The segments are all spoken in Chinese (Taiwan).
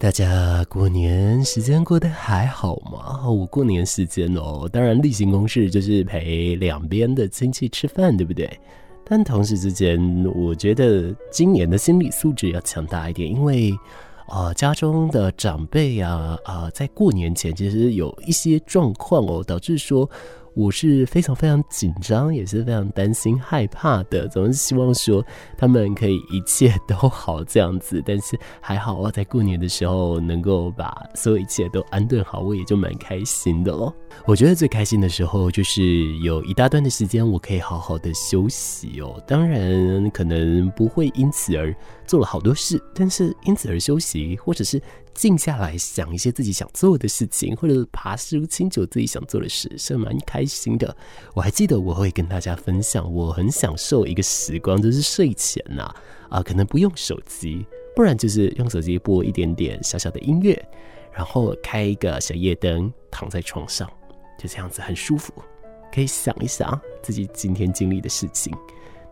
大家過年時間過得還好嗎？我、哦、過年時間哦，當然例行公事就是陪兩邊的親戚吃飯，對不對？但同時之間，我覺得今年的心理素質要強大一點，因為啊、呃，家中的長輩呀啊、呃，在過年前其實有一些狀況哦，導致說。我是非常非常緊張，也是非常擔心、害怕的，總是希望說他們可以一切都好這樣子。但是還好我在過年的時候能夠把所有一切都安頓好，我也就蠻開心的咯。我覺得最開心的時候就是有一大段的時間我可以好好的休息哦。當然，可能不會因此而做了好多事，但是因此而休息，或者是。靜下來想一些自己想做的事情，或者爬梳，清楚自己想做的事，是蠻開心的。我還記得我會跟大家分享，我很享受一個時光，就是睡前吶、啊，啊、呃，可能不用手機，不然就是用手機播一點點小小的音樂，然後開一個小夜燈，躺在床上，就這樣子很舒服，可以想一想自己今天經歷的事情。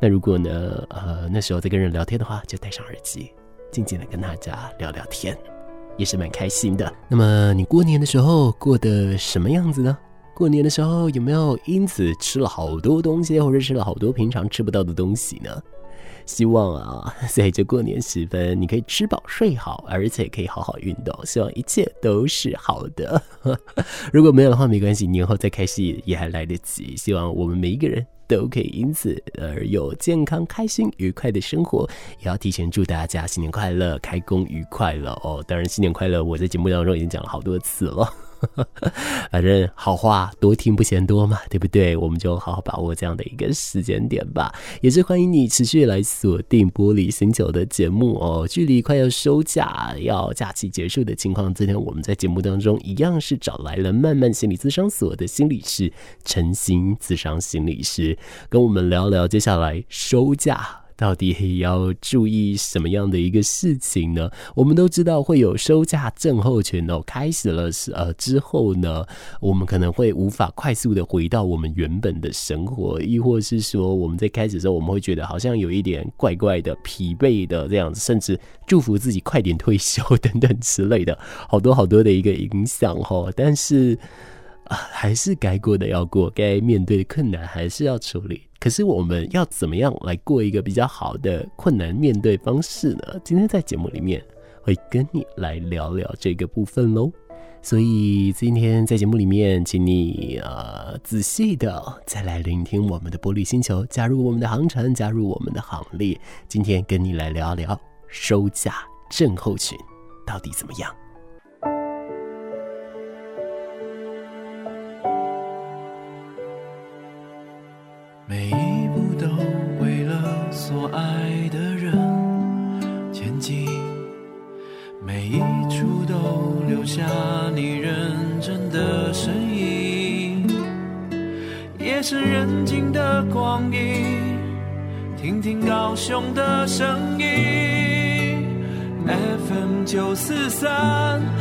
那如果呢，呃，那時候在跟人聊天的話，就戴上耳機，靜靜的跟大家聊聊天。也是蠻開心的。那麼你過年的時候過得什麼樣子呢？過年的時候有沒有因此吃了好多東西，或者吃了好多平常吃不到的東西呢？希望啊，在這過年時分，你可以吃飽睡好，而且可以好好運動。希望一切都是好的。呵呵，如果沒有的話，沒關係，年後再開始也還來得及。希望我們每一個人。都可以因此而有健康、開心、愉快的生活，也要提前祝大家新年快樂，開工愉快了哦！當然，新年快樂，我在節目當中已經講了好多次了。 反正好話多聽不嫌多嘛，對不對？我們就好好把握這樣的一個時間點吧。也是歡迎你持續來鎖定《玻璃星球》的節目哦。距離快要收假，要假期結束的情況，今天我們在節目當中一樣是找來了慢慢心理諮商所的心理師陳新諮商心理師，跟我們聊聊接下來收假，到底要注意什麼樣的一個事情呢？我們都知道會有收假症候群哦、喔。開始了是呃，之後呢，我們可能會無法快速的回到我們原本的生活，亦或是說我們在開始的時候，我們會覺得好像有一點怪怪的、疲憊的這樣子，甚至祝福自己快點退休等等之類的，好多好多的一個影響哦、喔，但是啊、呃，還是該過的要過，該面對的困難還是要處理。可是我們要怎麼樣來過一個比較好的困難面對方式呢？今天在節目裡面會跟你來聊聊這個部分嘍。所以今天在節目裡面，請你呃仔細的再來聆聽我們的玻璃星球，加入我們的航程，加入我們的行列。今天跟你來聊聊收假症候群到底怎麼樣。風的聲音，FM 九四三。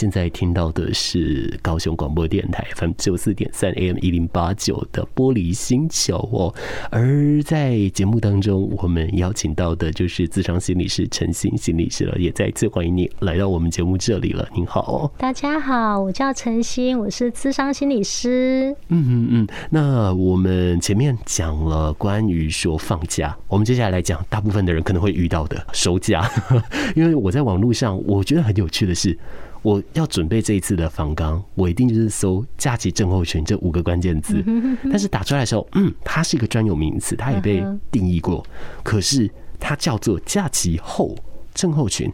現在聽到的是高雄廣播電台九四點三 AM 一零八九的玻璃星球哦、喔，而在節目當中，我們邀請到的就是諮商心理師陳欣心理師了，也再一次歡迎你來到我們節目這裡了。您好、喔，大家好，我叫陳欣，我是諮商心理師。嗯嗯嗯，那我們前面講了關於說放假，我們接下來來講大部分的人可能會遇到的收假， 因為我在網絡上我覺得很有趣的是。我要準備這一次的訪綱，我一定就是搜假期症候群這五個關鍵字。但是打出來的時候，嗯，它是一個專有名詞，它也被定義過。可是它叫做假期後症候群。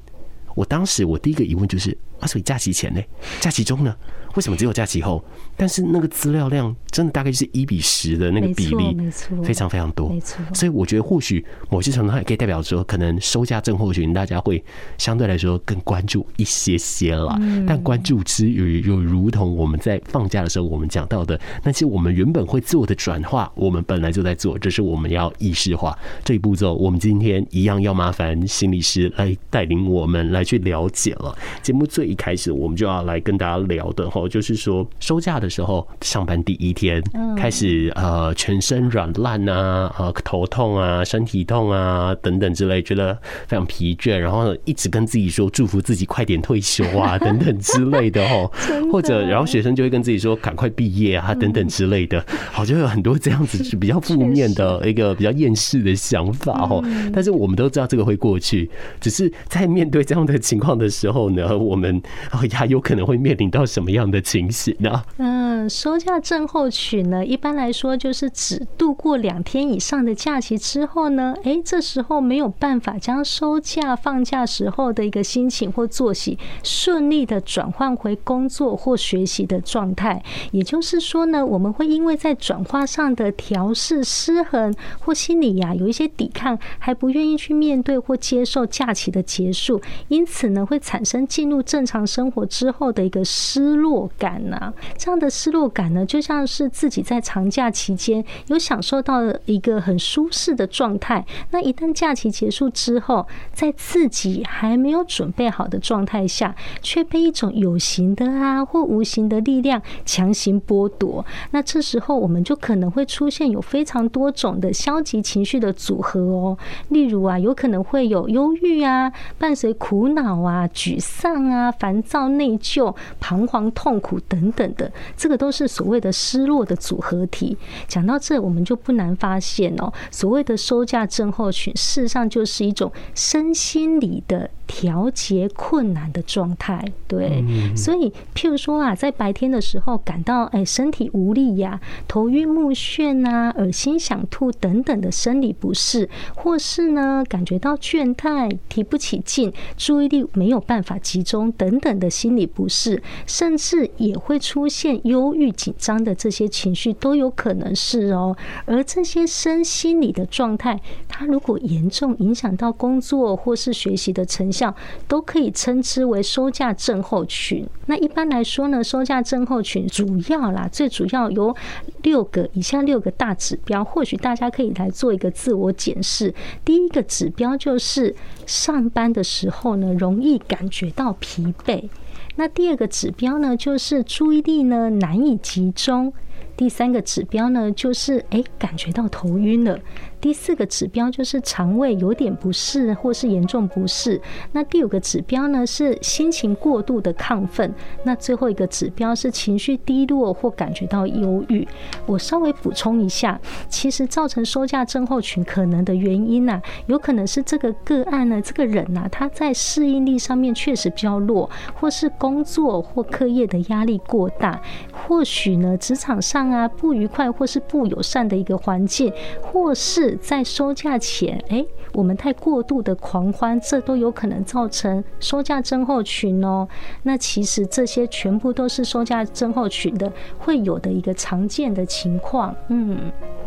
我當時我第一個疑問就是：啊，所以假期前呢？假期中呢？為什麼只有假期後？但是那個資料量真的大概就是一比十的那個比例，沒錯，非常非常多，沒錯。所以我覺得或許某些程度上也可以代表說，可能收假症候群大家會相對來說更關注一些些了。但關注之餘，又如同我們在放假的時候我們講到的那些我們原本會做的轉化，我們本來就在做，這是我們要意識化這一步驟。我們今天一樣要麻煩心理師來帶領我們來去了解了。節目最一開始我們就要來跟大家聊的哈。就是說，收假的時候，上班第一天開始，呃，全身軟爛吶，呃，頭痛啊，身體痛啊，等等之類，覺得非常疲倦，然後一直跟自己說，祝福自己快點退休啊，等等之類的哦、喔。或者，然後學生就會跟自己說，趕快畢業啊，等等之類的，好像有很多這樣子是比較負面的一個比較厭世的想法哦、喔。但是我們都知道這個會過去，只是在面對這樣的情況的時候呢，我們哎呀，有可能會面臨到什麼樣的。的情形呢？嗯，收假症候群呢，一般來說就是只度過兩天以上的假期之後呢，哎、欸，這時候沒有辦法將收假放假時候的一個心情或作息順利的轉換回工作或學習的狀態。也就是說呢，我們會因為在轉化上的調適失衡或心理呀、啊、有一些抵抗，還不願意去面對或接受假期的結束，因此呢，會產生進入正常生活之後的一個失落。感呢、啊？這樣的失落感呢，就像是自己在長假期間有享受到一個很舒適的狀態，那一旦假期結束之後，在自己還沒有準備好的狀態下，卻被一種有形的啊或無形的力量強行剝奪，那這時候我們就可能會出現有非常多種的消極情緒的組合哦。例如啊，有可能會有憂鬱啊，伴隨苦惱啊、沮喪啊、煩躁、內疚、彷徨、痛。痛苦等等的，這個都是所謂的失落的組合體。講到這，我們就不難發現哦，所謂的收假症候群，事實上就是一種身心理的。調節困難的狀態，對，嗯嗯嗯，所以譬如說啊，在白天的時候感到誒、欸，身體無力呀、啊、頭暈目眩啊、噁心想吐等等的生理不適，或是呢感覺到倦怠、提不起勁、注意力沒有辦法集中等等的心理不適，甚至也會出現憂鬱、緊張的這些情緒都有可能是哦、喔。而這些身心理的狀態，它如果嚴重影響到工作或是學習的成，像都可以稱之為收假症候群。那一般來說呢，收假症候群主要啦，最主要有六個以下六個大指標。或許大家可以來做一個自我檢視。第一個指標就是上班的時候呢，容易感覺到疲憊。那第二個指標呢，就是注意力呢難以集中。第三個指標呢，就是誒、欸、感覺到頭暈了。第四個指標就是腸胃有點不適或是嚴重不適。那第五個指標呢，是心情過度的亢奮。那最後一個指標是情緒低落或感覺到憂鬱。我稍微補充一下，其實造成收假症候群可能的原因呢、啊，有可能是這個個案呢，這個人吶、啊，他在適應力上面確實比較弱，或是工作或課業的壓力過大，或許呢，職場上啊不愉快或是不友善的一個環境，或是。在收假前，哎、欸，我們太過度的狂歡，這都有可能造成收假症候群哦、喔。那其實這些全部都是收假症候群的會有的一個常見的情況。嗯，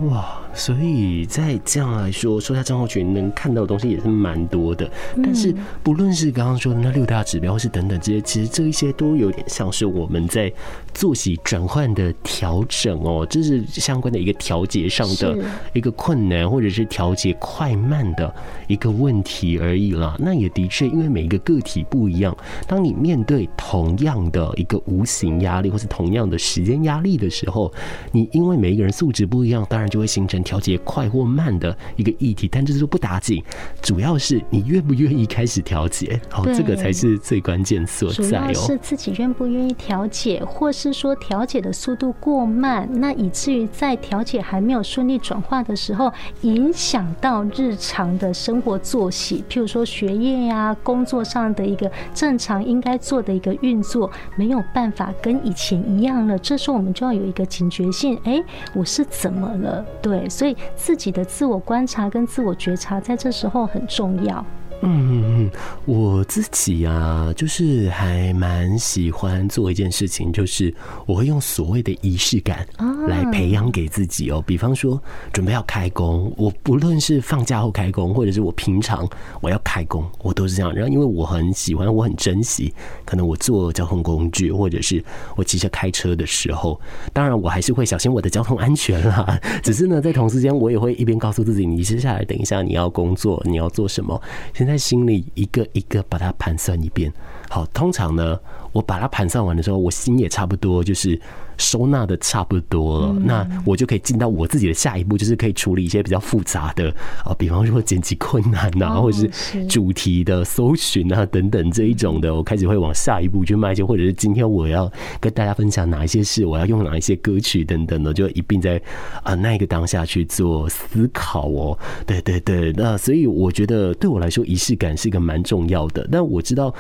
哇。所以在這樣來說，收假症候群能看到的東西也是蠻多的。但是不論是剛剛說的那六大指標，或是等等這些，其實這一些都有點像是我們在作息轉換的調整哦，這是相關的一個調節上的一個困難，或者是調節快慢的一個問題而已啦。那也的確，因為每一個個體不一樣，當你面對同樣的一個無形壓力，或是同樣的時間壓力的時候，你因為每一個人素質不一樣，當然就會形成。調節快或慢的一個議題，但這是說不打緊，主要是你願不願意開始調節，哦，這個才是最關鍵所在哦。主要是自己願不願意調節，或是說調節的速度過慢，那以至於在調節還沒有順利轉化的時候，影響到日常的生活作息，譬如說學業呀、啊、工作上的一個正常應該做的一個運作，沒有辦法跟以前一樣了。這時候我們就要有一個警覺性，哎、欸，我是怎麼了？對。所以，自己的自我觀察跟自我覺察，在這時候很重要。嗯，我自己呀、啊，就是還蠻喜歡做一件事情，就是我會用所謂的儀式感來培養給自己哦。比方說，準備要開工，我不論是放假後開工，或者是我平常我要開工，我都是這樣。然後，因為我很喜歡，我很珍惜。可能我坐交通工具，或者是我騎車、開車的時候，當然我還是會小心我的交通安全啦。只是呢，在同時間，我也會一邊告訴自己，你接下來等一下你要工作，你要做什麼。在心裡一個一個把它盤算一遍。好，通常呢，我把它盤算完的時候，我心也差不多，就是收納的差不多了，嗯。那我就可以進到我自己的下一步，就是可以處理一些比較複雜的啊，比方說剪輯困難吶，啊哦，或者是主題的搜尋啊等等這一種的，我開始會往下一步去邁進，或者是今天我要跟大家分享哪一些事，我要用哪一些歌曲等等的，就一併在啊那一個當下去做思考哦。對對對，那所以我覺得對我來說儀式感是一個蠻重要的，但我知道。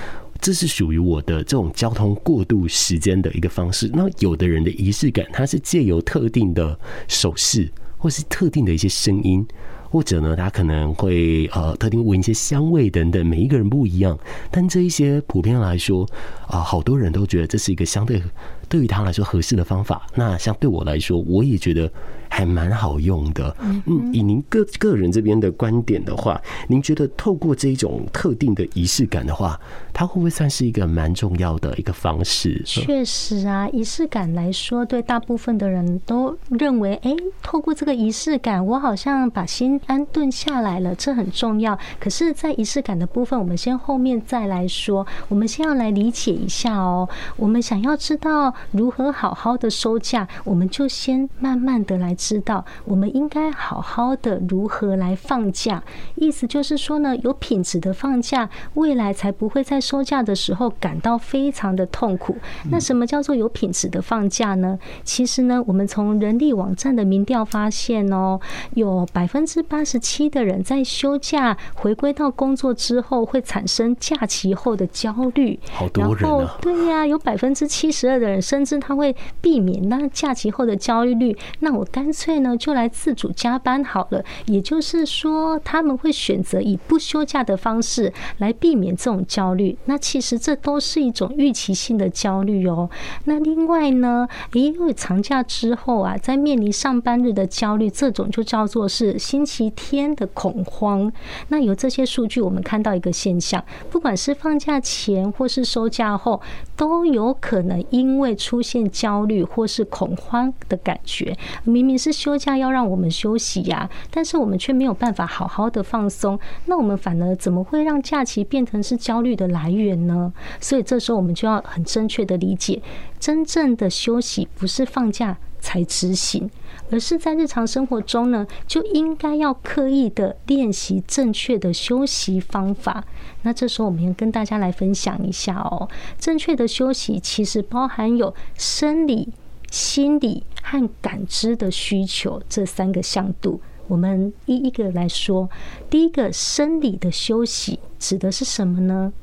這是屬於我的這種交通過渡時間的一個方式。那有的人的儀式感，它是借由特定的手勢，或是特定的一些聲音，或者呢，他可能會呃特定聞一些香味等等。每一個人不一樣，但這一些普遍來說啊、呃，好多人都覺得這是一個相對對於他來說合適的方法。那相對我來說，我也覺得。還蠻好用的。嗯，以您個個人這邊的觀點的話，您覺得透過這一種特定的儀式感的話，它會不會算是一個蠻重要的一個方式？確實啊，儀式感來說，對大部分的人都認為，哎、欸，透過這個儀式感，我好像把心安頓下來了，這很重要。可是，在儀式感的部分，我們先後面再來說。我們先要來理解一下哦、喔，我們想要知道如何好好的收假，我們就先慢慢的來。知道我們應該好好的如何來放假，意思就是說呢，有品質的放假，未來才不會在收假的時候感到非常的痛苦。那什麼叫做有品質的放假呢？其實呢，我們從人力網站的民調發現哦、喔，有百分之八十七的人在休假回歸到工作之後會產生假期後的焦慮、啊，好多人對呀，有百分之七十二的人甚至他會避免那假期後的焦慮率。那我單。乾脆呢，就來自主加班好了。也就是說，他們會選擇以不休假的方式來避免這種焦慮。那其實這都是一種預期性的焦慮哦。那另外呢，因為長假之後啊，在面臨上班日的焦慮，這種就叫做是星期天的恐慌。那有這些數據，我們看到一個現象：不管是放假前或是收假後，都有可能因為出現焦慮或是恐慌的感覺。明明。是休假要讓我們休息呀、啊，但是我們卻沒有辦法好好的放鬆，那我們反而怎麼會讓假期變成是焦慮的來源呢？所以這時候我們就要很正確的理解，真正的休息不是放假才執行，而是在日常生活中呢，就應該要刻意的練習正確的休息方法。那這時候我們要跟大家來分享一下哦、喔，正確的休息其實包含有生理、心理、和感知的需求，這三個向度，我們一個一個來說，第一個生理的休息指的是什麼呢？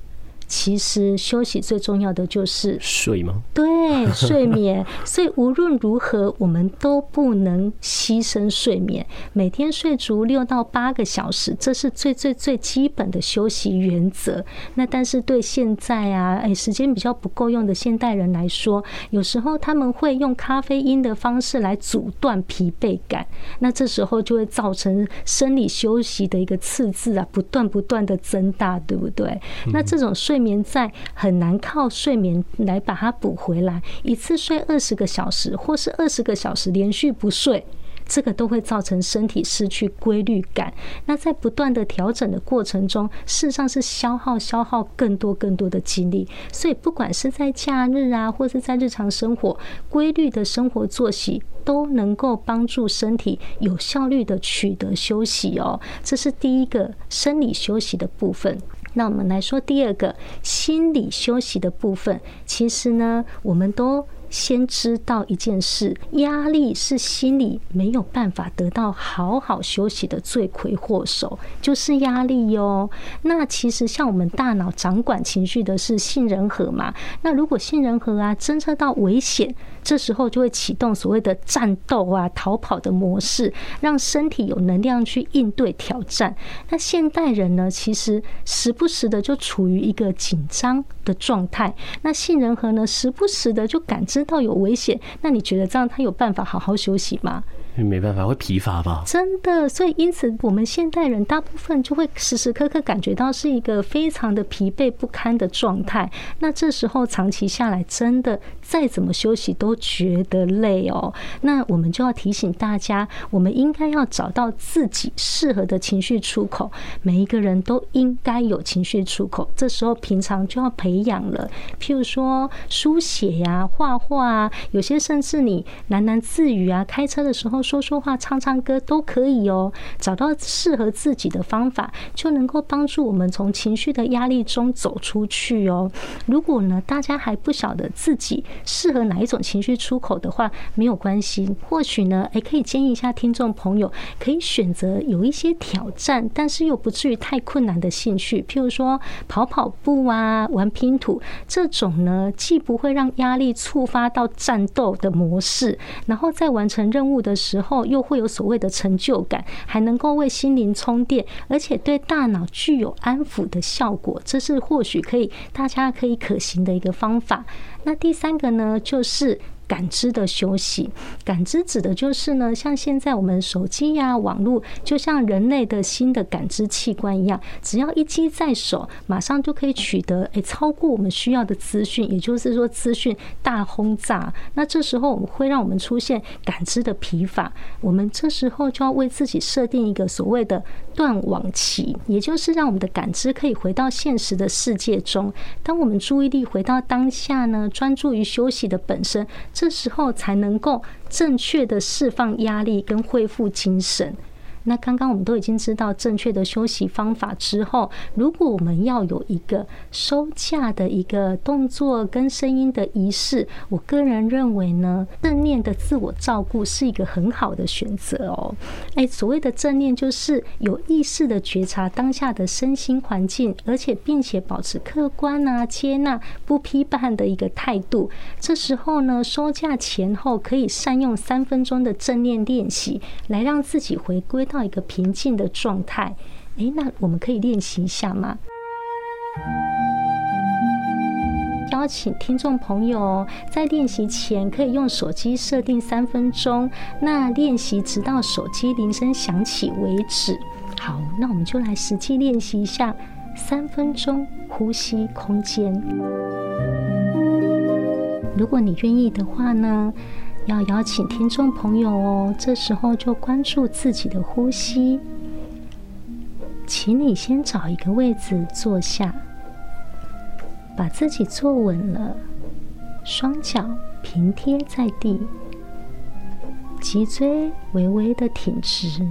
其實休息最重要的就是睡嗎？對，睡眠。所以無論如何，我們都不能犧牲睡眠。每天睡足六到八個小時，這是最最最基本的休息原則。那但是對現在啊，哎，時間比較不夠用的現代人來說，有時候他們會用咖啡因的方式來阻斷疲憊感。那這時候就會造成生理休息的一個赤字啊，不斷不斷的增大，對不對？那這種睡。睡眠在很難靠睡眠來把它補回來。一次睡二十個小時，或是二十個小時連續不睡，這個都會造成身體失去規律感。那在不斷的調整的過程中，事實上是消耗消耗更多更多的精力。所以，不管是在假日啊，或是在日常生活，規律的生活作息都能夠幫助身體有效率的取得休息哦。這是第一個生理休息的部分。那我們來說第二個心理休息的部分，其實呢，我們都。先知道一件事，壓力是心裡沒有辦法得到好好休息的罪魁禍首，就是壓力喲。那其實像我們大腦掌管情緒的是杏仁核嘛，那如果杏仁核啊偵測到危險，這時候就會啟動所謂的戰鬥啊逃跑的模式，讓身體有能量去應對挑戰。那現代人呢，其實時不時的就處於一個緊張的狀態，那杏仁核呢，時不時的就感知到有危險，那你覺得這樣他有辦法好好休息嗎？沒辦法，會疲乏吧？真的，所以因此我們現代人大部分就會時時刻刻感覺到是一個非常的疲憊不堪的狀態。那這時候長期下來，真的再怎麼休息都覺得累喔。那我們就要提醒大家，我們應該要找到自己適合的情緒出口。每一個人都應該有情緒出口，這時候平常就要培養了。譬如說書寫呀、畫畫啊，有些甚至你喃喃自語啊，開車的時候。說說話、唱唱歌都可以哦，找到適合自己的方法，就能夠幫助我們從情緒的壓力中走出去哦。如果呢，大家還不曉得自己適合哪一種情緒出口的話，沒有關係。或許呢，誒、哎，可以建議一下聽眾朋友，可以選擇有一些挑戰，但是又不至於太困難的興趣，譬如說跑跑步啊、玩拼圖這種呢，既不會讓壓力觸發到戰鬥的模式，然後在完成任務的時，然後又會有所謂的成就感，還能夠為心靈充電，而且對大腦具有安撫的效果。這是或許可以，大家可以可行的一個方法。那第三個呢，就是。感知的休息，感知指的就是呢，像現在我們手機呀、啊、網絡，就像人類的新的感知器官一樣，只要一機在手，馬上就可以取得，誒、欸，超過我們需要的資訊，也就是說資訊大轟炸。那這時候我們會讓我們出現感知的疲乏，我們這時候就要為自己設定一個所謂的斷網期，也就是讓我們的感知可以回到現實的世界中。當我們注意力回到當下呢，專注於休息的本身。這時候才能夠正確的釋放壓力跟恢復精神。那剛剛我們都已經知道正確的休息方法之後，如果我們要有一個收假的一個動作跟聲音的儀式，我個人認為呢，正念的自我照顧是一個很好的選擇哦。哎，所謂的正念就是有意識的覺察當下的身心環境，而且並且保持客觀啊、接納、不批判的一個態度。這時候呢，收假前後可以善用三分鐘的正念練習，來讓自己回歸到。到一個平靜的狀態，誒，那我們可以練習一下嗎？邀請聽眾朋友在練習前可以用手機設定三分鐘，那練習直到手機鈴聲響起為止。好，那我們就來實際練習一下三分鐘呼吸空間。如果你願意的話呢？要邀請聽眾朋友哦，這時候就關注自己的呼吸。請你先找一個位置坐下，把自己坐穩了，雙腳平貼在地，脊椎微微的挺直，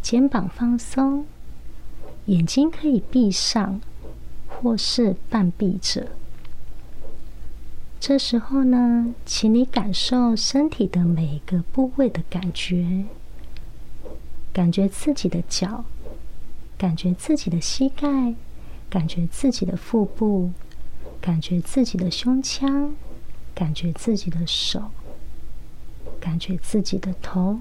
肩膀放鬆，眼睛可以閉上或是半閉着。這時候呢，請你感受身體的每一個部位的感覺，感覺自己的腳，感覺自己的膝蓋，感覺自己的腹部，感覺自己的胸腔，感覺自己的手，感覺自己的頭。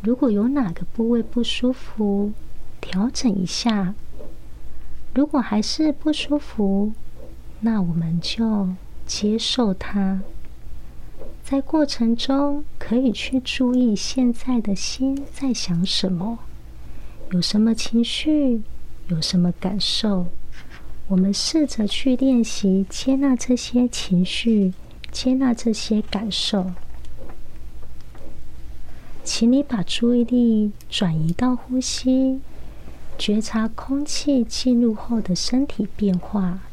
如果有哪個部位不舒服，調整一下。如果還是不舒服。那我們就接受它，在過程中可以去注意現在的心在想什麼，有什麼情緒，有什麼感受。我們試着去練習接納這些情緒，接納這些感受。請你把注意力轉移到呼吸，覺察空氣進入後的身體變化。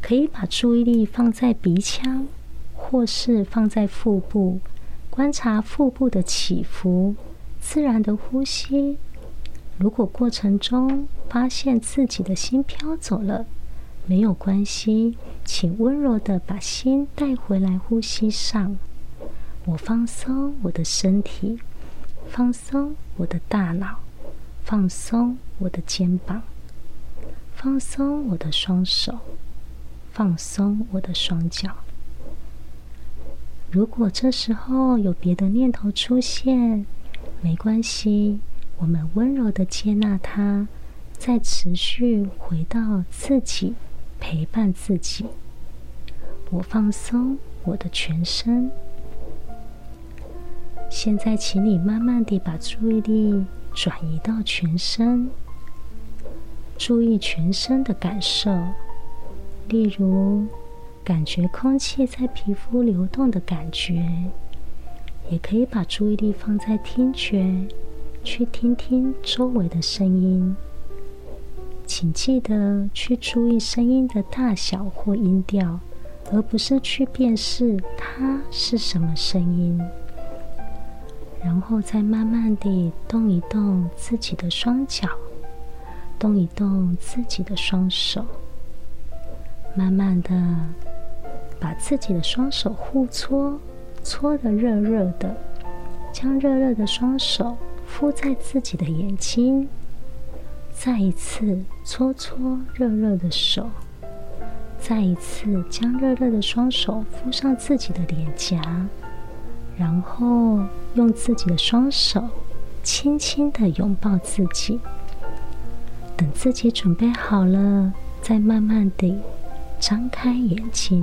可以把注意力放在鼻腔，或是放在腹部，觀察腹部的起伏，自然的呼吸。如果過程中發現自己的心飄走了，沒有關係，請溫柔地把心帶回來呼吸上。我放鬆我的身體，放鬆我的大腦，放鬆我的肩膀，放鬆我的雙手。放鬆我的雙腳。如果這時候有別的念頭出現，沒關係，我們溫柔地接納它，再持續回到自己，陪伴自己。我放鬆我的全身。現在，請你慢慢地把注意力轉移到全身，注意全身的感受。例如，感覺空氣在皮膚流動的感覺，也可以把注意力放在聽覺，去聽聽周圍的聲音。請記得去注意聲音的大小或音調，而不是去辨識它是什麼聲音。然後再慢慢地動一動自己的雙腳，動一動自己的雙手。慢慢的，把自己的雙手互搓，搓得熱熱的，將熱熱的雙手敷在自己的眼睛，再一次搓搓熱熱的手，再一次將熱熱的雙手敷上自己的臉頰，然後用自己的雙手輕輕的擁抱自己。等自己準備好了，再慢慢的。張開眼睛，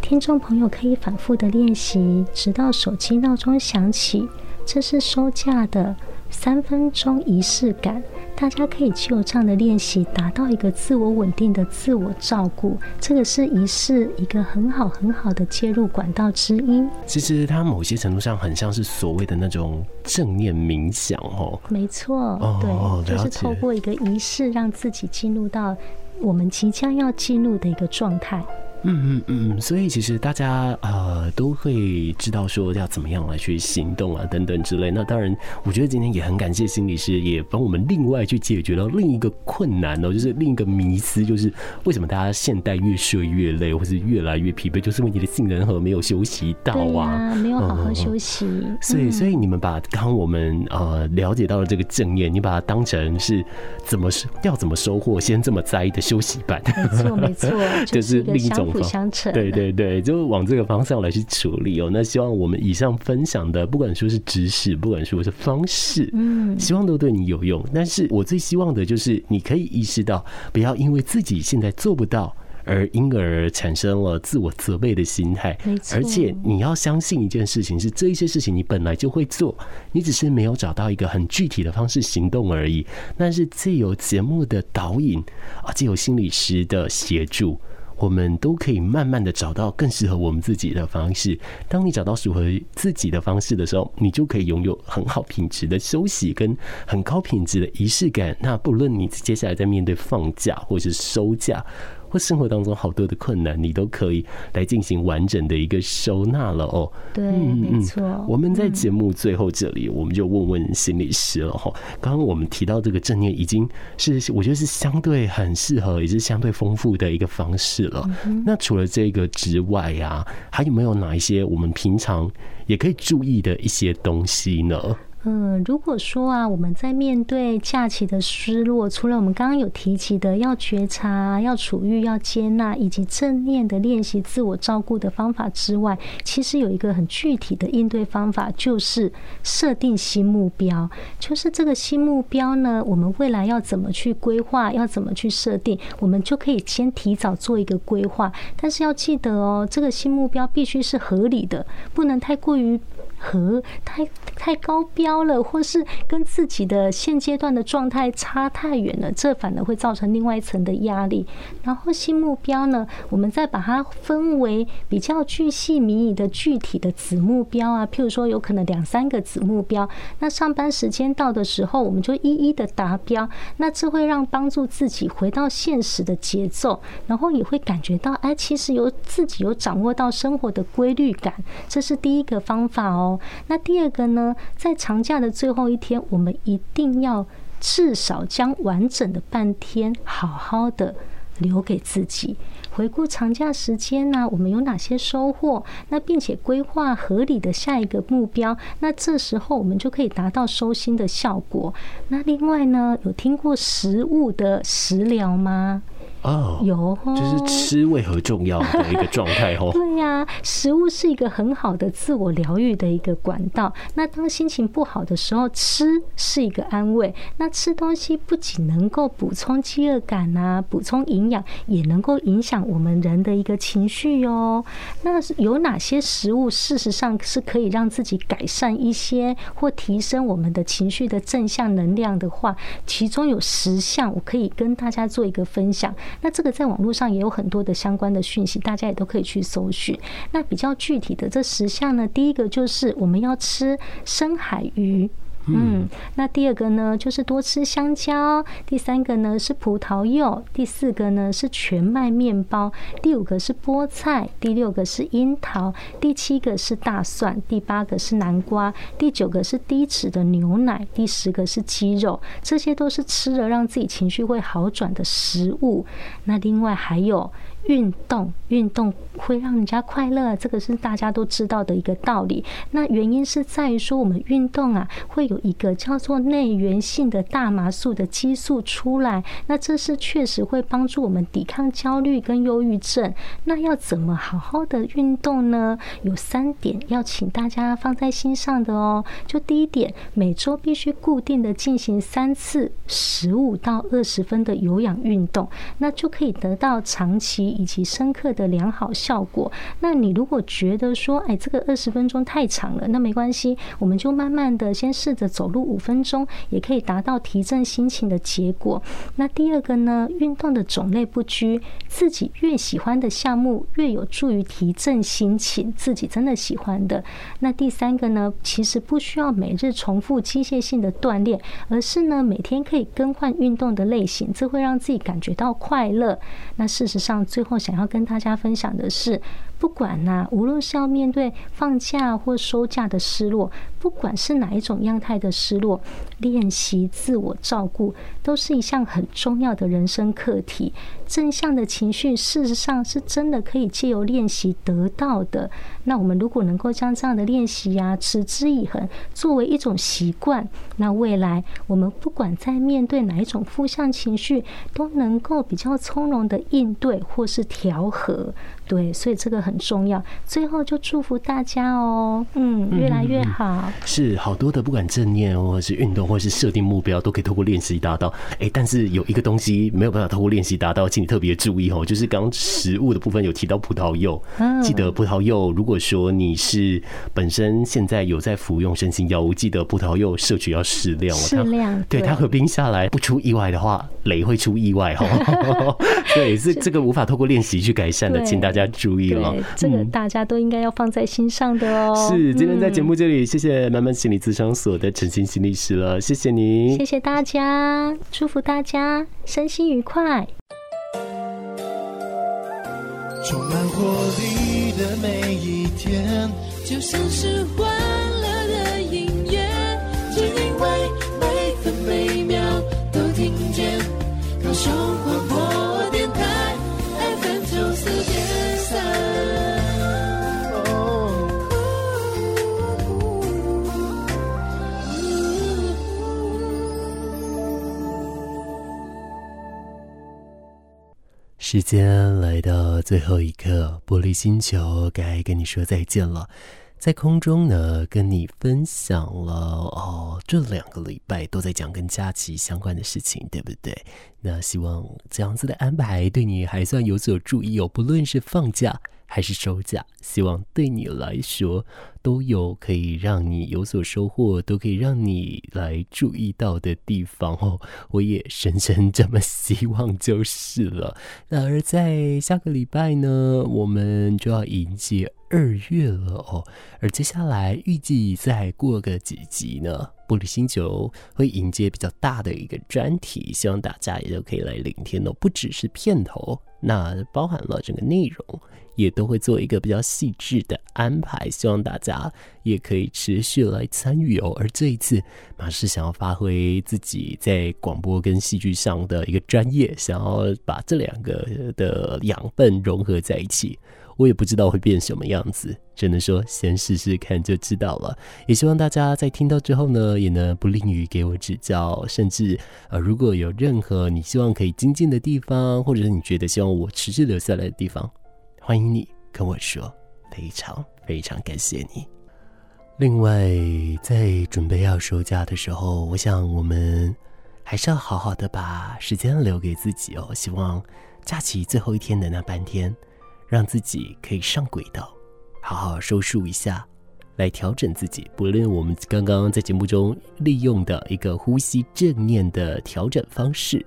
聽眾朋友可以反覆的練習，直到手機鬧鐘響起。這是收假的三分鐘儀式感，大家可以就這樣的練習，達到一個自我穩定的自我照顧。這個是儀式一個很好很好的介入管道之一。其實它某些程度上很像是所謂的那種正念冥想哦。沒錯，哦，對，哦，就是透過一個儀式，讓自己進入到。我們即將要進入的一個狀態。嗯嗯嗯，所以其實大家呃都會知道說要怎麼樣來去行動啊等等之類。那當然，我覺得今天也很感謝心理師也幫我們另外去解決了另一個困難哦、喔，就是另一個迷思，就是為什麼大家現代越睡越累，或是越來越疲憊，就是因為你的杏仁核沒有休息到啊，啊沒有好好休息。嗯、所以所以你們把剛剛我們呃了解到了這個正念，你把它當成是怎麼要怎麼收穫先這麼栽的休息版，沒錯沒錯， 就是另一種。互相成對對對，就往這個方向來去處理哦、喔。那希望我們以上分享的，不管說是知識，不管說是方式，嗯，希望都對你有用。但是，我最希望的就是你可以意識到，不要因為自己現在做不到而因而，而產生了自我責備的心態。而且你要相信一件事情，是這一些事情你本來就會做，你只是沒有找到一個很具體的方式行動而已。但是既有節目的導引啊，既有心理師的協助。我們都可以慢慢的找到更適合我們自己的方式。當你找到屬於自己的方式的時候，你就可以擁有很好品質的休息跟很高品質的儀式感。那不論你接下來在面對放假或是收假，或生活當中好多的困難，你都可以來進行完整的一個收納了哦。對，沒錯。我們在節目最後這裡，我們就問問心理師了哈。剛剛我們提到這個正念，已經是我覺得是相對很適合，也是相對豐富的一個方式了。那除了這個之外呀、啊，還有沒有哪一些我們平常也可以注意的一些東西呢？嗯，如果說啊，我們在面對假期的失落，除了我們剛剛有提及的要覺察、要儲育、要接納，以及正念的練習、自我照顧的方法之外，其實有一個很具體的應對方法，就是設定新目標。就是這個新目標呢，我們未來要怎麼去規劃，要怎麼去設定，我們就可以先提早做一個規劃。但是要記得哦，這個新目標必須是合理的，不能太過於。和太太高標了，或是跟自己的現階段的狀態差太遠了，這反而會造成另外一層的壓力。然後新目標呢，我們再把它分為比較鉅細靡遺的具體的子目標啊，譬如說有可能兩三個子目標。那上班時間到的時候，我們就一一的達標，那這會讓幫助自己回到現實的節奏，然後也會感覺到，哎，其實有自己有掌握到生活的規律感，這是第一個方法哦。.那第二個呢，在長假的最後一天，我們一定要至少將完整的半天好好的留給自己，回顧長假時間呢、啊，我們有哪些收穫？那並且規劃合理的下一個目標，那這時候我們就可以達到收心的效果。那另外呢，有聽過食物的食療嗎？哦，有，就是吃為何重要的一個狀態哦。 對呀、啊，食物是一個很好的自我療癒的一個管道。那當心情不好的時候，吃是一個安慰。那吃東西不僅能夠補充飢餓感啊，補充營養，也能夠影響我們人的一個情緒喲、喔。那有哪些食物事實上是可以讓自己改善一些或提升我們的情緒的正向能量的話，其中有十項，我可以跟大家做一個分享。那這個在網絡上也有很多的相關的訊息，大家也都可以去搜尋。那比較具體的這十項呢，第一個就是我們要吃深海魚。嗯，那第二個呢，就是多吃香蕉；第三個呢是葡萄柚；第四個呢是全麥麵包；第五個是菠菜；第六個是櫻桃；第七個是大蒜；第八個是南瓜；第九個是低脂的牛奶；第十個是雞肉。這些都是吃了讓自己情緒會好轉的食物。那另外還有。運動，運動會讓人家快樂，這個是大家都知道的一個道理。那原因是在於說，我們運動啊，會有一個叫做內源性的大麻素的激素出來，那這是確實會幫助我們抵抗焦慮跟憂鬱症。那要怎麼好好的運動呢？有三點要請大家放在心上的哦。就第一點，每周必須固定的進行三次十五到二十分的有氧運動，那就可以得到長期。以及深刻的良好效果。那你如果覺得說，哎，這個二十分鐘太長了，那沒關係，我們就慢慢的先試着走路五分鐘，也可以達到提振心情的結果。那第二個呢，運動的種類不拘，自己越喜歡的項目越有助於提振心情，自己真的喜歡的。那第三個呢，其實不需要每日重複機械性的鍛鍊，而是呢每天可以更換運動的類型，這會讓自己感覺到快樂。那事實上最然後想要跟大家分享的是。不管啦、啊，無論是要面對放假或收假的失落，不管是哪一種樣態的失落，練習自我照顧都是一項很重要的人生課題。正向的情緒，事實上是真的可以借由練習得到的。那我們如果能夠將這樣的練習呀、啊、持之以恆，作為一種習慣，那未來我們不管在面對哪一種負向情緒，都能夠比較從容的應對或是調和。對，所以這個很重要。最後就祝福大家哦、喔，嗯，嗯，越來越好。是好多的，不管正念，或者是運動，或者是設定目標，都可以透過練習達到。哎，但是有一個東西沒有辦法透過練習達到，請你特別注意哦、喔，就是剛食物的部分有提到葡萄柚。記得葡萄柚，如果說你是本身現在有在服用身心藥物，記得葡萄柚攝取要適量。適量，對，它合併下來，不出意外的話，雷會出意外哦、喔。 對，是這個無法透過練習去改善的，請大家。要注意了，這個大家都應該要放在心上的哦、喔嗯。是，今天在節目這裡，謝謝滿滿心理諮商所的陳欣欣心理師了，謝謝您，謝謝大家，祝福大家身心愉快，充滿活力的每一天，就像是花。時間來到最後一刻，玻璃星球該跟你說再見了。在空中呢，跟你分享了哦，這兩個禮拜都在講跟假期相關的事情，對不對？那希望這樣子的安排對你還算有所注意哦，不論是放假。還是收假，希望對你來說都有可以讓你有所收穫，都可以讓你來注意到的地方哦。我也深深這麼希望就是了。那而在下個禮拜呢，我們就要迎接二月了哦。而接下來預計再過個幾集呢，玻璃星球會迎接比較大的一個專題，希望大家也都可以來聆聽哦，不只是片頭，那包含了整個內容，也都會做一個比較細緻的安排，希望大家也可以持續來參與哦。而這一次，馬是想要發揮自己在廣播跟戲劇上的一個專業，想要把這兩個的養分融合在一起。我也不知道會變什麼樣子，只能說先試試看就知道了。也希望大家在聽到之後呢，也能不吝於給我指教，甚至啊、呃，如果有任何你希望可以精進的地方，或者是你覺得希望我持續留下來的地方，歡迎你跟我說。非常非常感謝你。另外，在準備要收假的時候，我想我們還是要好好的把時間留給自己哦。希望假期最後一天的那半天。讓自己可以上軌道，好好收束一下，來調整自己。不論我們剛剛在節目中利用的一個呼吸正念的調整方式，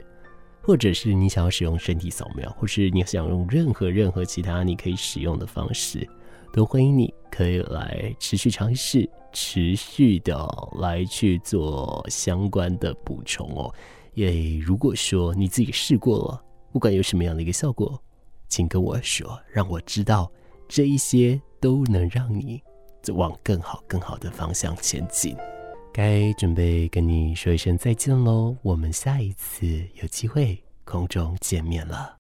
或者是你想要使用身體掃描，或是你想用任何任何其他你可以使用的方式，都歡迎你可以來持續嘗試，持續的來去做相關的補充哦。耶，如果說你自己試過了，不管有什麼樣的一個效果。請跟我說，讓我知道這一些都能讓你往更好、更好的方向前進。該準備跟你說一聲再見嘍，我們下一次有機會空中見面了。